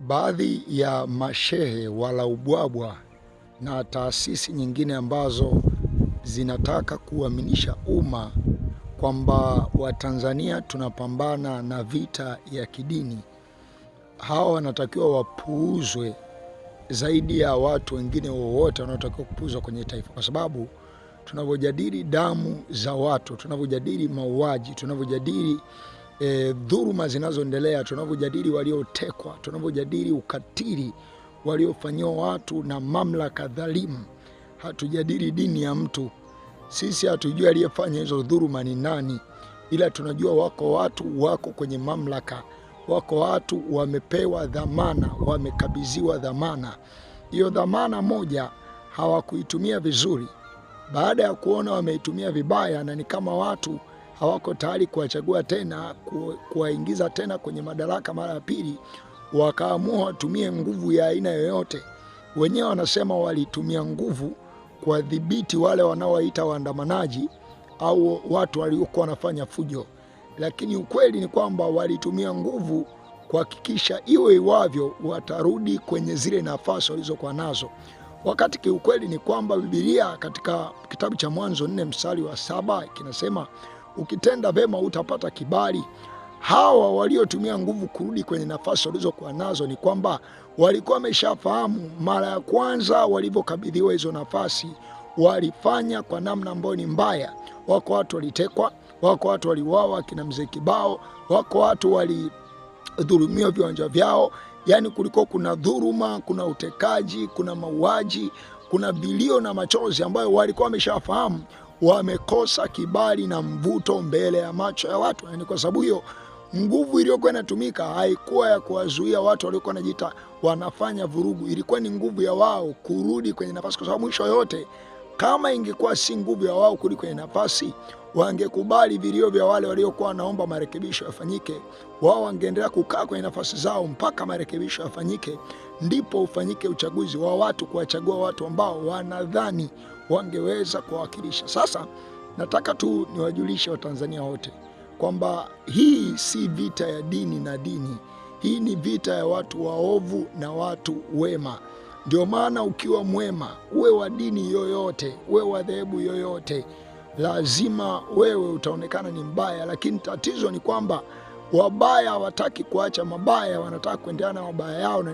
Baadhi ya mashehe wala ubwabwa na taasisi nyingine ambazo zinataka kuaminisha umma kwamba Watanzania tunapambana na vita ya kidini, hawa wanatakiwa wapuuzwe zaidi ya watu wengine wowote wanaotakiwa kupuuzwa kwenye taifa, kwa sababu tunavyojadili damu za watu, tunavyojadili mauaji, tunavyojadili e, dhuruma zinazoendelea, tunavyojadili waliotekwa, tunavyojadili ukatili waliofanyiwa watu na mamlaka dhalimu. Hatujadili dini ya mtu. Sisi hatujui aliyefanya hizo dhuruma ni nani, ila tunajua wako watu wako kwenye mamlaka, wako watu wamepewa dhamana, wamekabidhiwa dhamana. Hiyo dhamana moja hawakuitumia vizuri, baada ya kuona wameitumia vibaya, na ni kama watu hawako tayari kuwachagua tena, kuwaingiza tena kwenye madaraka mara ya pili, wakaamua watumie nguvu ya aina yoyote. Wenyewe wanasema walitumia nguvu kuwadhibiti wale wanaowaita waandamanaji au watu waliokuwa wanafanya fujo, lakini ukweli ni kwamba walitumia nguvu kuhakikisha iwe iwavyo watarudi kwenye zile nafasi walizokuwa nazo, wakati kiukweli ni kwamba Biblia katika kitabu cha Mwanzo nne mstari wa saba kinasema Ukitenda vema utapata kibali. Hawa waliotumia nguvu kurudi kwenye nafasi walizokuwa nazo ni kwamba walikuwa wameshafahamu mara ya kwanza walivyokabidhiwa hizo nafasi, walifanya kwa namna ambayo ni mbaya. Wako watu walitekwa, wako watu waliuawa, akina mzee kibao, wako watu walidhulumiwa viwanja vyao. Yaani kulikuwa kuna dhuruma kuna utekaji, kuna mauaji, kuna bilio na machozi ambayo walikuwa wameshafahamu wamekosa kibali na mvuto mbele ya macho ya watu. Yaani kwa sababu hiyo nguvu iliyokuwa inatumika haikuwa ya kuwazuia watu waliokuwa wanajiita wanafanya vurugu, ilikuwa ni nguvu ya wao kurudi kwenye nafasi, kwa sababu mwisho yote, kama ingekuwa si nguvu ya wao kurudi kwenye nafasi, wangekubali vilio vya wale waliokuwa wanaomba marekebisho yafanyike. Wao wangeendelea kukaa kwenye nafasi zao mpaka marekebisho yafanyike, ndipo ufanyike uchaguzi wa watu, kuwachagua watu ambao wanadhani wangeweza kuwawakilisha. Sasa nataka tu niwajulishe Watanzania wote kwamba hii si vita ya dini na dini, hii ni vita ya watu waovu na watu wema. Ndio maana ukiwa mwema, uwe wa dini yoyote, uwe wa dhehebu yoyote, lazima wewe utaonekana ni mbaya. Lakini tatizo ni kwamba wabaya hawataki kuacha mabaya, wanataka kuendelea na mabaya yao.